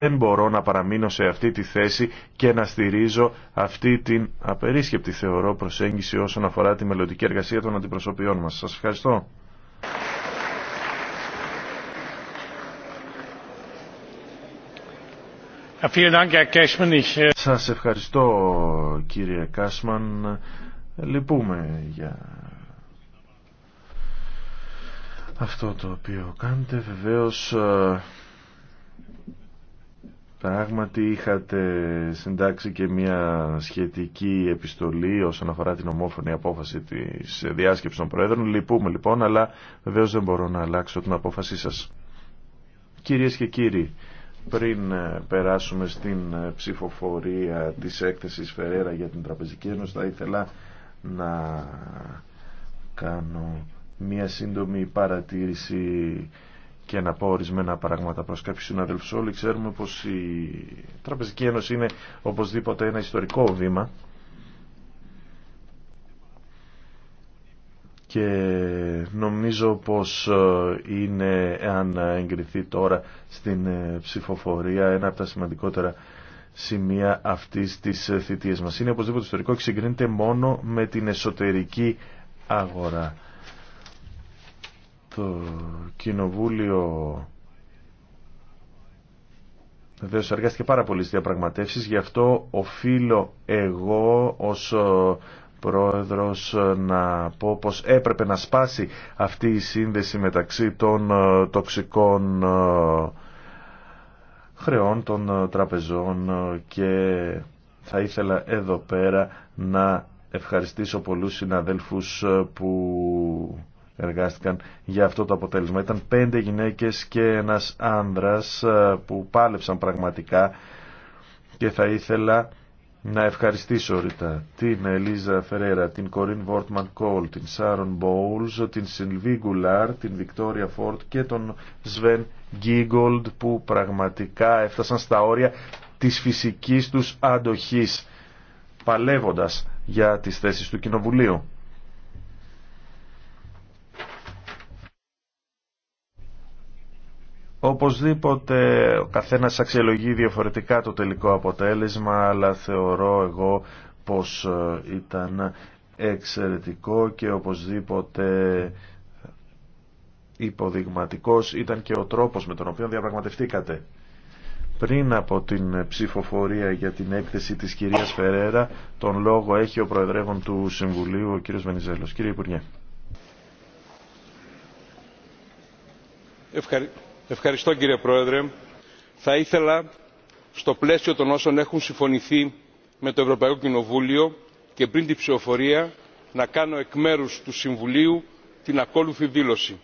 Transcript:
δεν μπορώ να παραμείνω σε αυτή τη θέση και να στηρίζω αυτή την απερίσκεπτη θεωρώ προσέγγιση όσον αφορά τη μελλοντική εργασία των αντιπροσωπιών μας. Σας ευχαριστώ. Äh, Σας ευχαριστώ κύριε Κάσμαν. Λυπούμε για αυτό το οποίο κάνετε. Βεβαίως ε, Πράγματι είχατε συντάξει και μια σχετική επιστολή όσον αφορά την ομόφωνη απόφαση της διάσκεψης των Προέδρων. Λυπούμε λοιπόν, αλλά βεβαίως δεν μπορώ να αλλάξω την απόφασή σας. Κυρίες και κύριοι, πριν ε, περάσουμε στην ε, ψηφοφορία της έκθεσης Φερέρα για την Τραπεζική Ένωση, θα ήθελα να κάνω μια σύντομη παρατήρηση και να πω ορισμένα πράγματα προς κάποιους συναδέλφους. Όλοι ξέρουμε πως η Τραπεζική Ένωση είναι οπωσδήποτε ένα ιστορικό βήμα και νομίζω πως ε, είναι, αν εγκριθεί τώρα στην ε, ψηφοφορία, ένα από τα σημαντικότερα σημεία αυτής της ε, θητείας μας. Είναι οπωσδήποτε ιστορικό και συγκρίνεται μόνο με την εσωτερική αγορά το Κοινοβούλιο Βεβαίω εργάστηκε πάρα πολύ στις διαπραγματεύσεις, γι' αυτό οφείλω εγώ ως ε, πρόεδρος ε, να πω πως έπρεπε να σπάσει αυτή η σύνδεση μεταξύ των ε, τοξικών χρεών των τραπεζών και θα ήθελα εδώ πέρα να ευχαριστήσω πολλούς συναδέλφους που εργάστηκαν για αυτό το αποτέλεσμα. Ήταν πέντε γυναίκες και ένας άνδρας ε, που πάλεψαν πραγματικά και θα ήθελα να ευχαριστήσω ρητά την Ελίζα Φερέρα, την Κορίν Βόρτμαν Κόλ, την Σάρον Μπόουλς, την Σιλβί Γκουλάρ, την Βικτόρια Φόρτ και τον Σβεν Γκίγκολντ που πραγματικά έφτασαν στα όρια της φυσικής τους αντοχής παλεύοντας για τις θέσεις του Κοινοβουλίου. Οπωσδήποτε ο καθένας αξιολογεί διαφορετικά το τελικό αποτέλεσμα, αλλά θεωρώ εγώ πως ε, ήταν εξαιρετικό και οπωσδήποτε υποδειγματικός ήταν και ο τρόπος με τον οποίο διαπραγματευτήκατε. Πριν από την ψηφοφορία για την έκθεση της κυρίας Φερέρα, τον λόγο έχει ο Προεδρεύων του Συμβουλίου, ο κύριος Βενιζέλος. Κύριε Υπουργέ. Ευχαριστώ κύριε Πρόεδρε. Θα ήθελα στο πλαίσιο των όσων έχουν συμφωνηθεί με το Ευρωπαϊκό Κοινοβούλιο και πριν την ψηφοφορία να κάνω εκ μέρους του Συμβουλίου την ακόλουθη δήλωση.